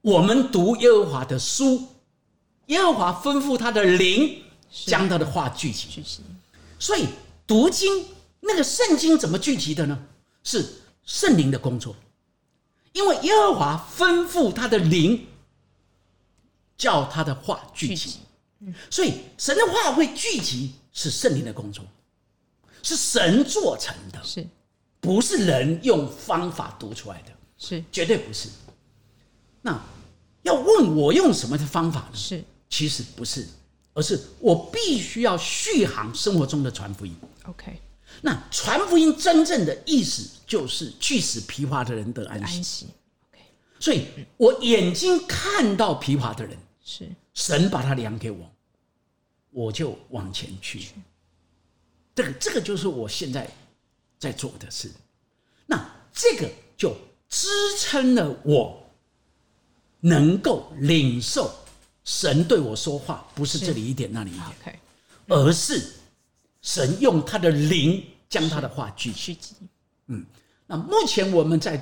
我們讀耶和華的書？耶和華吩咐他的靈將他的話聚集，所以讀經那個聖經怎麼聚集的呢？是聖靈的工作，因為耶和華吩咐他的靈叫他的話聚集。嗯，所以神的話會聚集是聖靈的工作，是神做成的，是，不是人用方法讀出來的。是，絕對不是。那要問我用什麼的方法呢？是。其實不是，而是我必須要續航生活中的傳福音。OK，那傳福音真正的意思就是去使疲乏的人得安息。安息。OK，所以我眼睛看到疲乏的人，是神把他量給我，我就往前去。是這個這個就是我現在在做的事。那這個就支撐了我能夠領受。神對我說話，不是這裡一點是那裡一點，okay 嗯、而是神用他的靈將他的話聚集。嗯，那目前我們在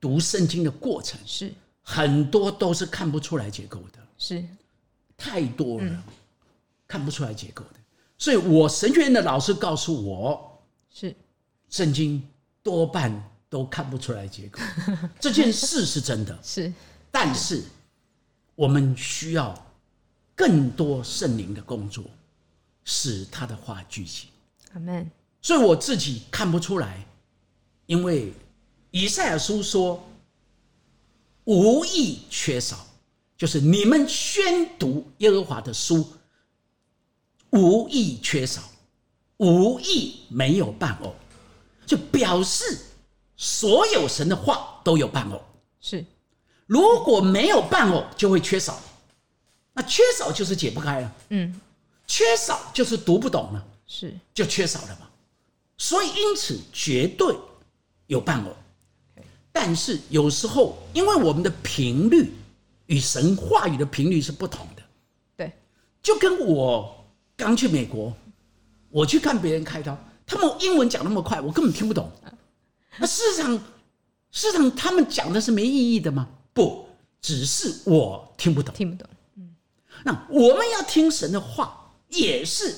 讀聖經的過程，是很多都是看不出來結構的，是太多了，看不出來結構的。嗯、所以我神學院的老師告訴我，是聖經多半都看不出來結構， 這件事是真的。是，但是。我們需要更多聖靈的工作，使他的話聚集。阿 Amen 所以我自己看不出來，因為以賽亞書說無意缺少，就是你們宣讀耶和華的書無意缺少，無意沒有伴偶，就表示所有神的話都有伴偶，是。如果沒有伴偶，就會缺少，那缺少就是解不開了。嗯，缺少就是讀不懂了，是，就缺少了嘛。所以因此絕對有伴偶，Okay. 但是有時候因為我們的頻率與神話語的頻率是不同的，對，就跟我剛去美國，我去看別人開刀，他們英文講那麼快，我根本聽不懂。 那事實上，事實上他們講的是沒意義的嗎？不只是我聽不懂，聽不懂。嗯，那我們要聽神的話，也是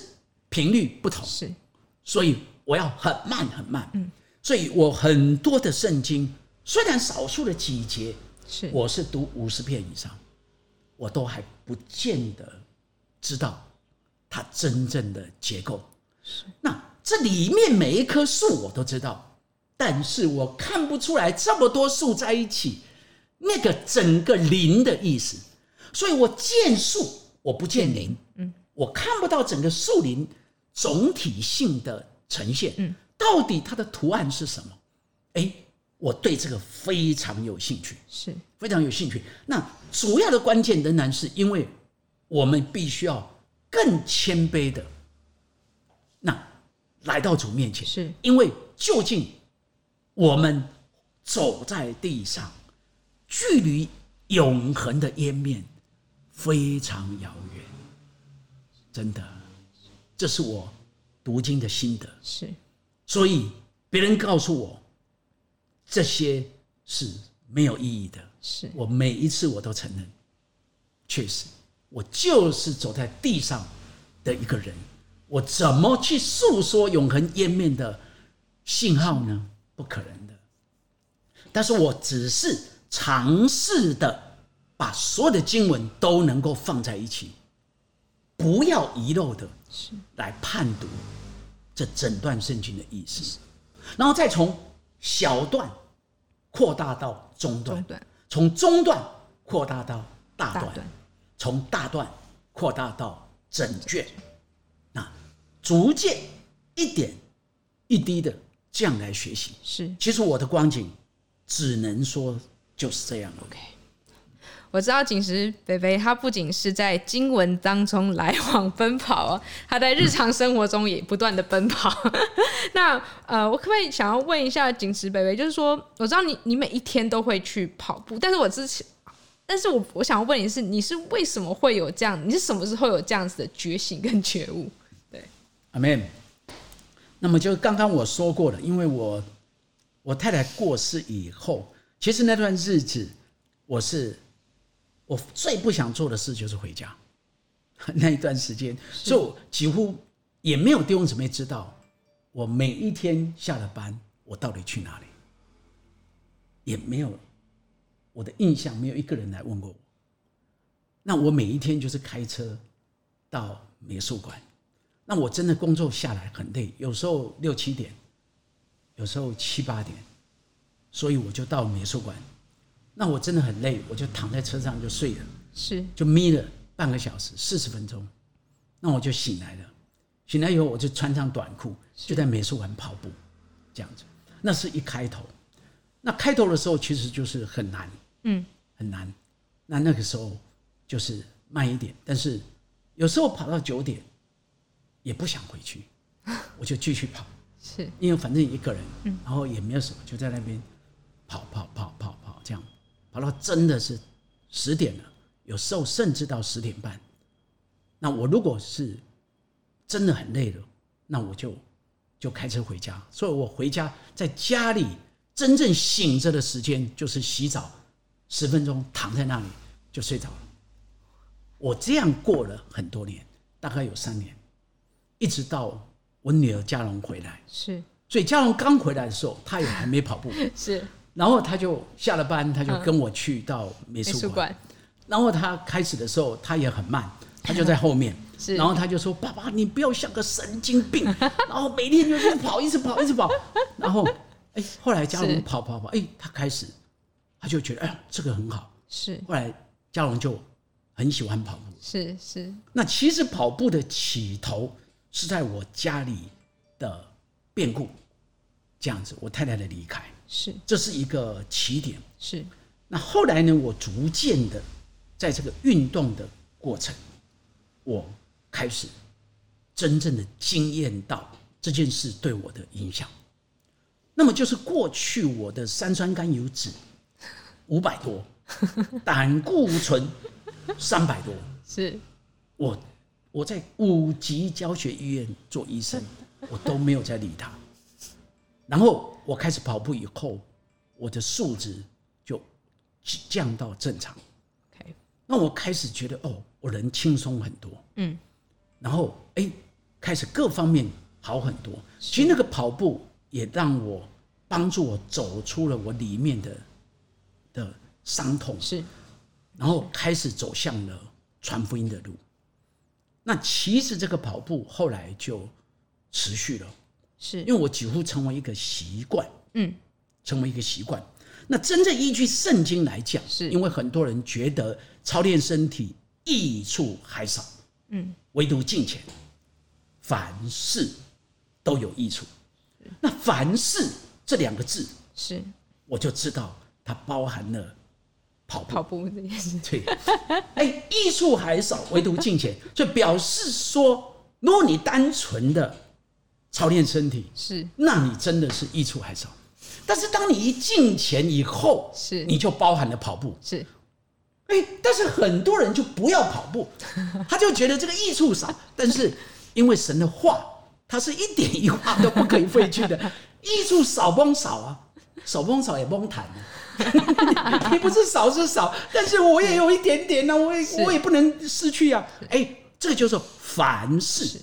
頻率不同。是，所以我要很慢很慢。嗯，所以我很多的聖經，雖然少數的幾節是，我是讀五十遍以上，我都還不見得知道它真正的結構。是，那這裡面每一棵樹我都知道，但是我看不出來這麼多樹在一起。那個整個林，的意思，所以我見樹，我不見林，嗯，嗯，我看不到整個樹林總體性的呈現，嗯，到底它的圖案是什麼？哎，我對這個非常有興趣，是非常有興趣。那主要的關鍵仍然是因為我們必須要更謙卑的，那來到主面前，是因為究竟我們走在地上。距離永恆的湮滅非常遙遠，真的，這是我讀經的心得。是，所以別人告訴我這些是沒有意義的。是，我每一次我都承認，確實，我就是走在地上的一個人，我怎麼去訴說永恆湮滅的信號呢？不可能的。但是我只是。嘗試的把所有的經文都能夠放在一起，不要遺漏的，是來判讀這整段聖經的意思，然後再從小段擴大到中段，從中段擴大到大段，從大段擴大到整卷，啊，逐漸一點一滴的這樣來學習。是，其實我的光景只能說。就是這樣，OK。我知道錦時伯伯，他不僅是在經文當中來往奔跑，他在日常生活中也不斷的奔跑。嗯、 那呃，我可不可以想要問一下錦時伯伯？就是說，我知道你你每一天都會去跑步，但是我之前，但是我我想問你是你是為什麼會有這樣？你是什麼時候有這樣子的覺醒跟覺悟？對，Amen。那麼就剛剛我說過了，因為我我太太過世以後。其實那段日子，我是我最不想做的事就是回家。那一段時間，的，就幾乎也沒有弟兄姊妹知道我每一天下了班，我到底去哪裡，也沒有我的印象，沒有一個人來問過我。那我每一天就是開車到美術館，那我真的工作下來很累，有時候六七點，有時候七八點。所以我就到美術館，那我真的很累，我就躺在車上就睡了，是，就眯了半個小時，四十分鐘，那我就醒來了。醒來以後，我就穿上短褲，是就在美術館跑步，這樣子。那是一開頭，那開頭的時候，其實就是很難，嗯，很難。那那個時候就是慢一點，但是有時候跑到九點，也不想回去，我就繼續跑，是因為反正一個人，嗯、然後也沒有什麼，就在那邊。跑跑跑跑跑，這樣跑到真的是十點了，有時候甚至到十點半。那我如果是真的很累了，那我就就開車回家。所以我回家在家裡真正醒着的時間就是洗澡十分鐘，躺在那裡就睡着了。我這樣過了很多年，大概有三年，一直到我女兒佳蓉回來是。所以佳蓉剛回來的時候，她也還沒跑步是。然後他就下了班，他就跟我去到美術館。嗯、然後他開始的時候，他也很慢，他就在後面。 是。然後他就說：“爸爸，你不要像個神經病。” 然後每天就是跑，一直跑，一直跑。然後，哎、欸，後來佳蓉跑跑跑，哎是、欸，他開始，他就覺得哎、欸，這個很好。是。後來佳蓉就很喜歡跑步。是是。是是，那其實跑步的起頭是在我家裡的變故，這樣子，我太太的離開。是，這是一個起點。是，那後來呢？我逐漸的，在這個運動的過程，我開始真正的經驗到這件事對我的影響。那麼就是過去我的三酸甘油酯五百多，膽固醇三百多， 是，我我在五級教學醫院做醫生，我都沒有再理他，然後。我開始跑步以後，我的數值就降到正常。Okay. 那我開始覺得哦，我人輕鬆很多，嗯，然後誒、欸，開始各方面好很多。是其實那個跑步也讓我幫助我走出了我裡面的的傷痛，是，okay. 然後開始走向了傳福音的路。那其實這個跑步後來就持續了。是，因為我幾乎成為一個習慣，嗯，成為一個習慣。那真正依據聖經來講，是因為很多人覺得操練身體益處還少，嗯，唯獨敬虔，凡事都有益處。是那凡事這兩個字，是，我就知道它包含了跑步跑步這件事。對，哎、 欸，益處還少，唯獨敬虔，所以表示說，如果你單純的。操練身體是，那你真的是益處還少。但是當你一進前以後是，你就包含了跑步，是、欸。但是很多人就不要跑步，他就覺得這個益處少。 但是因為神的話，他是一點一劃都不可以廢去的。 益處少甭少啊，少甭少也甭談。 你不是少是少，但是我也有一點點呢、啊，我也是我也不能失去呀、啊。哎是、欸，這個就是凡事。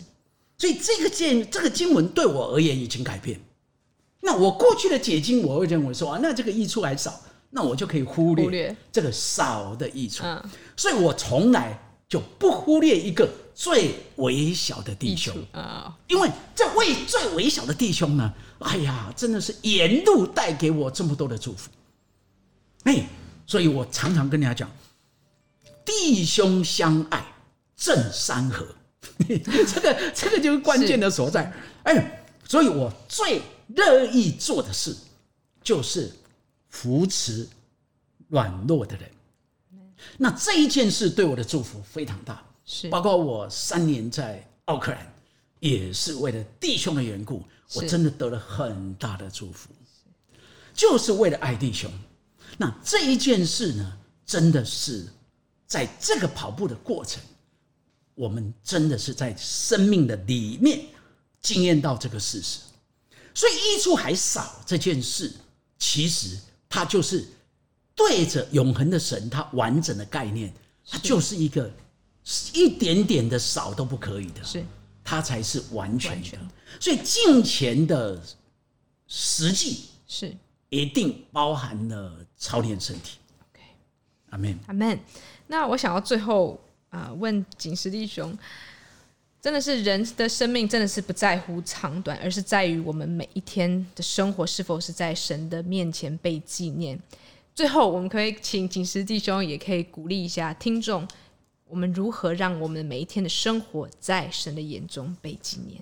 所以這個經、這個經文對我而言已經改變。那我過去的解經，我會認為說啊，那這個益處還少，那我就可以忽略這個少的益處。略所以我從來就不忽略一個最微小的弟兄啊，哦、因為這位最微小的弟兄呢，哎呀，真的是沿路帶給我這麼多的祝福。哎，所以我常常跟人家講，弟兄相愛，撼山河。 這個這個就是關鍵的所在。哎、欸，所以我最樂意做的事就是扶持軟弱的人。嗯、那這一件事對我的祝福非常大，是包括我三年在奧克蘭也是為了弟兄的緣故，是我真的得了很大的祝福，是就是為了愛弟兄。那這一件事呢，真的是在這個跑步的過程。我們真的是在生命的裡面經驗到這個事實，所以一出還少這件事，其實它就是對着永恆的神，它完整的概念，它就是一個一點點的少都不可以的，是它才是完全的。完全的，所以敬虔的實際是一定包含了操練身體。Okay, Amen, Amen。那我想要最後，啊！問錦時弟兄，真的是人的生命，真的是不在乎長短，而是在於我們每一天的生活是否是在神的面前被紀念。最後，我們可以請錦時弟兄，也可以鼓勵一下聽眾，我們如何讓我們的每一天的生活在神的眼中被紀念？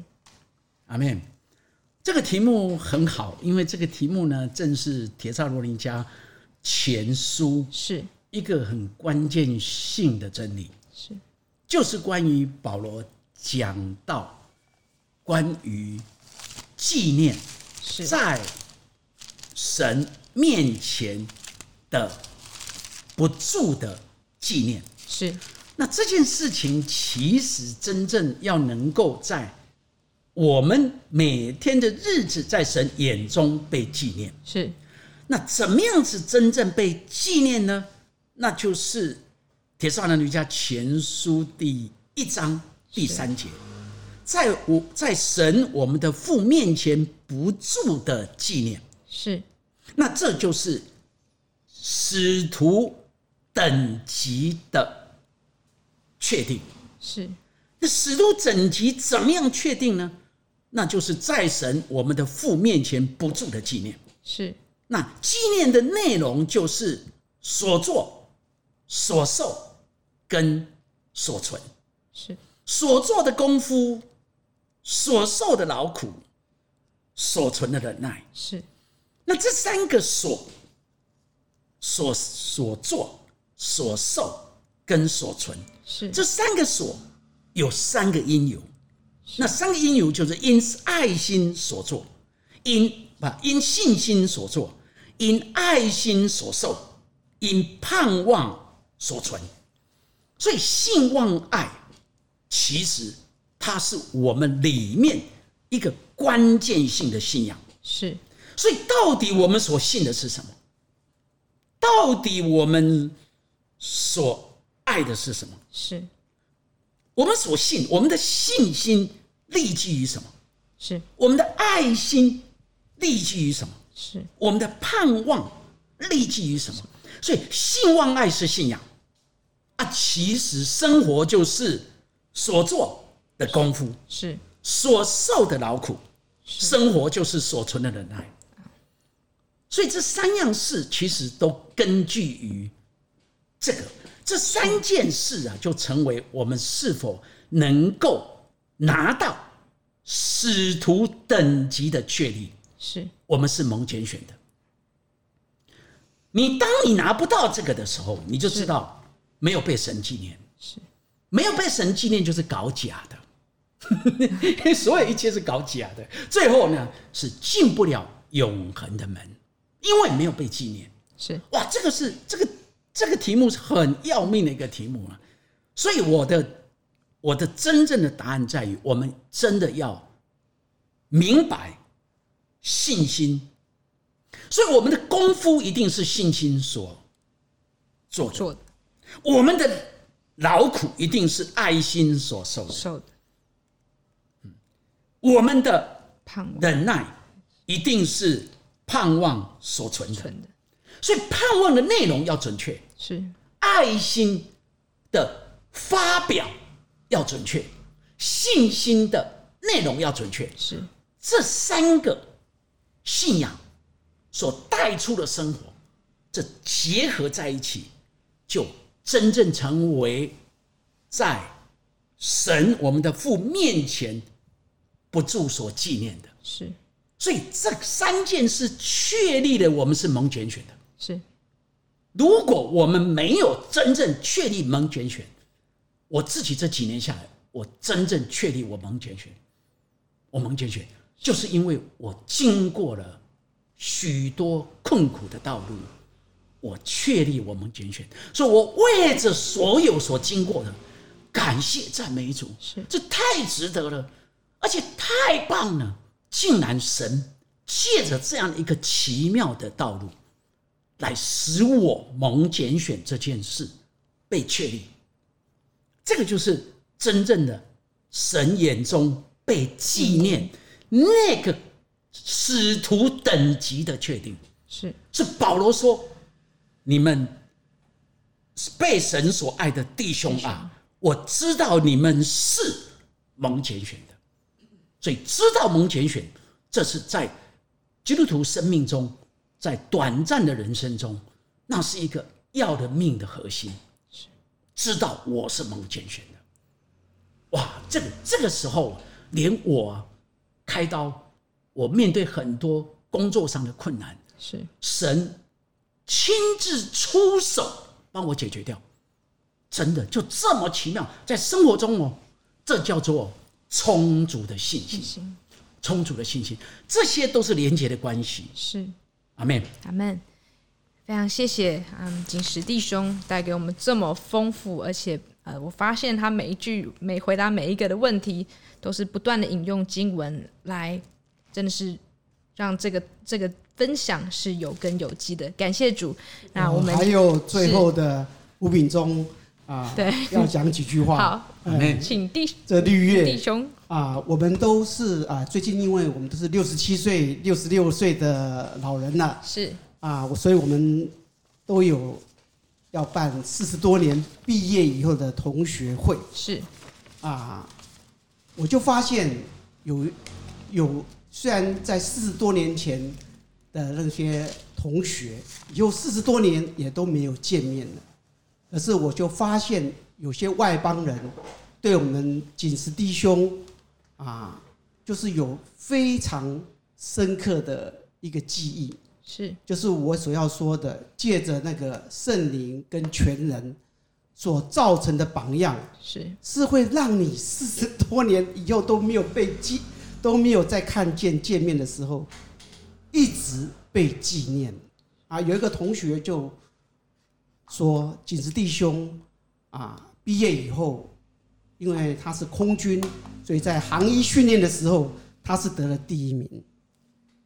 阿門。這個題目很好，因為這個題目呢，正是帖撒羅尼迦前書是一個很關鍵性的真理。是，就是關於保羅講到關於紀念，在神面前的不住的紀念。是，那這件事情其實真正要能夠在我們每天的日子，在神眼中被紀念。是，那怎麼樣子真正被紀念呢？那就是。《帖撒羅尼迦前書》第一章第三節，是在我，在神我們的父面前不住的紀念，是。那這就是使徒等級的確定，是。那使徒等級怎麼樣確定呢？那就是在神我們的父面前不住的紀念，是。那紀念的內容就是所做所受。跟所存是所做的功夫，所受的勞苦，所存的忍耐是。那這三個所，所所做所受跟所存是這三個所，有三個因由。是那三個因由就是因愛心所做，因啊因信心所做，因愛心所受，因盼望所存。所以，信望愛，其實它是我們裡面一個關鍵性的信仰。是，所以到底我們所信的是什麼？到底我們所愛的是什麼？是，我們所信，我們的信心立基於什麼？是，我們的愛心立基於什麼？是，我們的盼望立基於什麼？是，所以，信望愛是信仰。他其實生活就是所做的功夫，是，是所受的勞苦，是生活就是所存的忍耐。所以這三樣事其實都根據於這個，這三件事啊，就成為我們是否能夠拿到使徒等級的確立。是我們是蒙揀選的。你當你拿不到這個的時候，你就知道。沒有被神紀念，是，沒有被神紀念就是搞假的， 所有一切是搞假的，最後呢是進不了永恆的門，因為沒有被紀念。是。哇，這個是這個這個題目是很要命的一個題目啊，所以我的我的真正的答案在於，我們真的要明白信心，所以我們的功夫一定是信心所做的。做的我們的勞苦一定是愛心所受的，嗯，我們的忍耐一定是盼望所存的，所以盼望的內容要準確，是愛心的發表要準確，信心的內容要準確，是這三個信仰所帶出的生活，這結合在一起就。真正成為在神我們的父面前不住所紀念的，是。所以這三件事確立了我們是蒙揀選的。是。如果我們沒有真正確立蒙揀選，我自己這幾年下來，我真正確立我蒙揀選，我蒙揀選，就是因為我經過了許多困苦的道路。我確立我蒙揀選，所以，我為着所有所經過的，感謝讚美主，是，這太值得了，而且太棒了！竟然神借着這樣一個奇妙的道路，來使我蒙揀選這件事被確立，這個就是真正的神眼中被紀念那個使徒等級的確定，是，是保羅說。你們被神所愛的弟兄啊！我知道你們是蒙揀選的，所以知道蒙揀選，這是在基督徒生命中，在短暫的人生中，那是一個要的命的核心。是，知道我是蒙揀選的，哇！這個這個時候，連我開刀，我面對很多工作上的困難，是神。親自出手幫我解決掉，真的就這麼奇妙。在生活中哦，這叫做充足的信心，信心，充足的信心，這些都是連接的關係。是阿門，阿門。非常謝謝啊，嗯，錦時弟兄帶給我們這麼豐富，而且呃，我發現他每一句、每回答每一個的問題，都是不斷地引用經文來，真的是讓這個這個。分享是有根有基的，感謝主。那我們還有最後的吳是炳中啊，呃、對，要講幾句話。好，嗯、請弟，弟兄，這綠月弟兄啊，我們都是啊、呃，最近因為我們都是六十七歲、六十六歲的老人了，是啊、呃，所以我們都有要辦四十多年畢業以後的同學會，是啊、呃，我就發現有有，雖然在四十多年前。的那些同學，有四十多年也都沒有見面了。可是我就發現有些外邦人對我們錦時弟兄啊，就是有非常深刻的一個記憶，是，就是我所要說的，借着那個聖靈跟全人所造成的榜樣，是，是會讓你四十多年以後都沒有被記，都沒有再看見、見面的時候。一直被紀念，啊，有一個同學就說：“錦時弟兄啊，畢業以後，因為他是空軍，所以在航醫訓練的時候，他是得了第一名。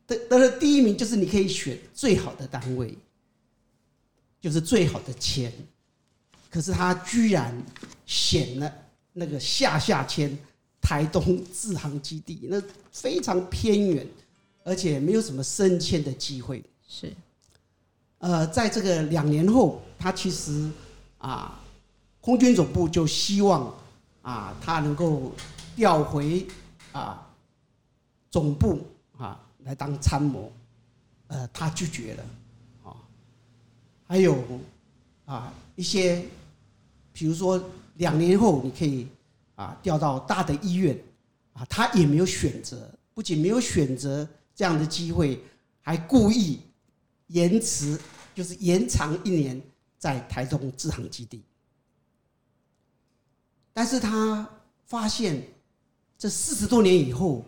得得了第一名，就是你可以選最好的單位，就是最好的籤。可是他居然選了那個下下籤，台東志航基地，那非常偏遠。”而且沒有什麼升遷的機會，是，呃，在這個兩年後，他其實啊，空軍總部就希望啊，他能夠調回啊，總部啊來當參謀，呃，啊，他拒絕了，啊，還有啊一些，比如說兩年後你可以啊調到大的醫院啊，他也沒有選擇，不僅沒有選擇。這樣的機會，還故意延遲，就是延長一年在台東支行基地。但是他發現，這四十多年以後，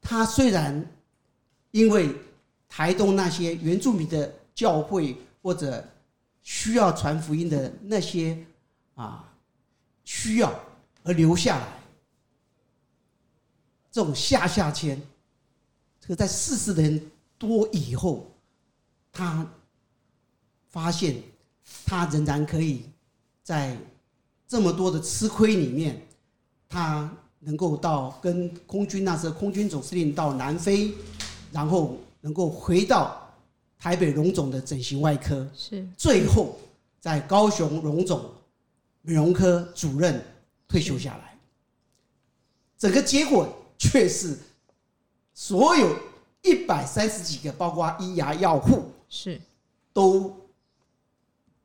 他雖然因為台東那些原住民的教會或者需要傳福音的那些啊需要而留下來，這種下下籤。可在四十年多以後，他發現他仍然可以在這麼多的吃虧裡面，他能夠到跟空軍那時候空軍總司令到南非，然後能夠回到台北榮總的整形外科，是最後在高雄榮總美容科主任退休下來，是整個結果卻是。所有一百三十幾個，包括醫牙藥護，是都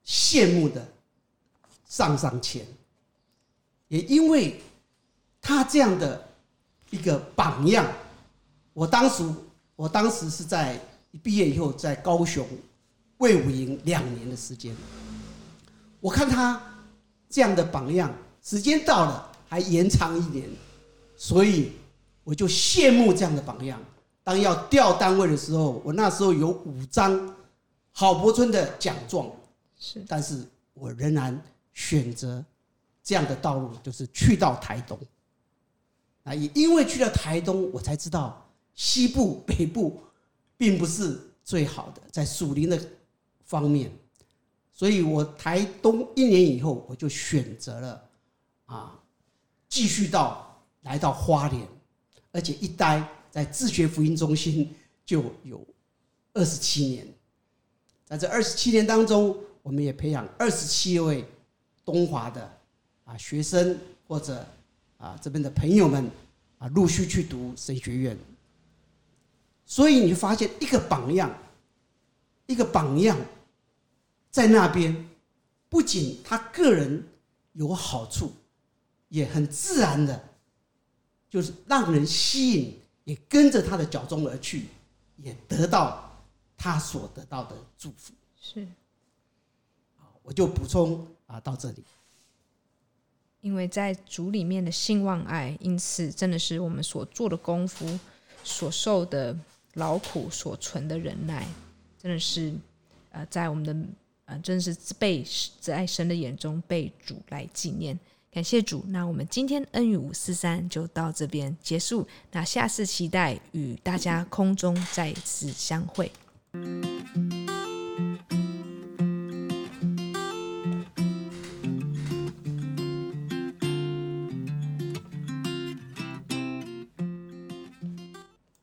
羨慕的上上簽。也因為他這樣的一個榜樣，我當時，我當時是在畢業以後在高雄衛武營兩年的時間，我看他這樣的榜樣，時間到了還延長一年，所以。我就羨慕這樣的榜樣。當要調單位的時候，我那時候有五張郝柏村的獎狀，是，但是我仍然選擇這樣的道路，就是去到台東。那也因為去了台東，我才知道西部北部並不是最好的，在屬靈的方面。所以我台東一年以後，我就選擇了啊，繼續到來到花蓮。而且一待在自學福音中心就有二十七年，在這二十七年當中，我們也培養二十七位東華的啊學生或者啊這邊的朋友們啊陸續去讀神學院。所以你發現一個榜樣，一個榜樣在那邊，不僅他個人有好處，也很自然的。就是讓人吸引，也跟着他的腳蹤而去，也得到他所得到的祝福。是，好，我就補充啊到這裡。因為在主裡面的信望愛，因此真的是我們所做的功夫，所受的勞苦，所存的忍耐，真的是呃，在我們的呃，真的是被在愛神的眼中被主來紀念。感謝主，那我們今天恩與五四三就到這邊結束，那下次期待與大家空中再次相會。